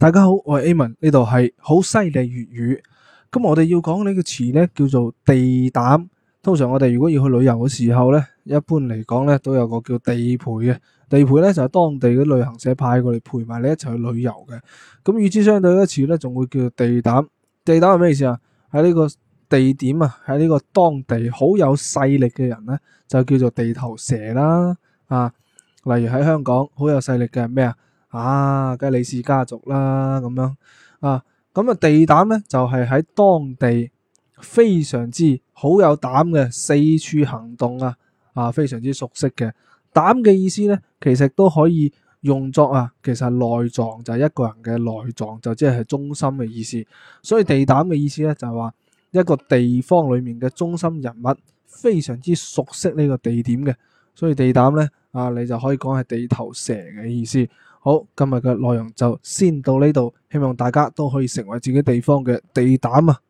大家好，我係 Amin，呢度係好犀利粵語。咁我哋要講呢個詞呢，叫做地膽。通常我哋如果要去旅遊嘅時候呢，一般嚟講呢，都有個叫地陪嘅。地陪呢，就係當地嘅旅行社派過嚟陪埋你一齊去旅遊嘅。咁與之相對嘅詞呢仲會叫地膽。地膽係咩意思啊？喺呢個地點啊，喺呢個當地好有勢力嘅人呢，就叫做地頭蛇啦。啊，例如喺香港好有勢力嘅係咩啊？啊，梗係李氏家族啦，咁樣啊，咁啊地膽咧就係、是、喺當地非常之好有膽嘅，四處行動啊，啊非常之熟悉嘅膽嘅意思咧，其實都可以用作啊，其實係內臟就係、是、一個人嘅內臟就即、是、係中心嘅意思，所以地膽嘅意思咧就係、是、話一個地方裏面嘅中心人物非常之熟悉呢個地點嘅，所以地膽咧啊，你就可以講係地頭蛇嘅意思。好，今日嘅內容就先到呢度，希望大家都可以成為自己地方嘅地膽啊！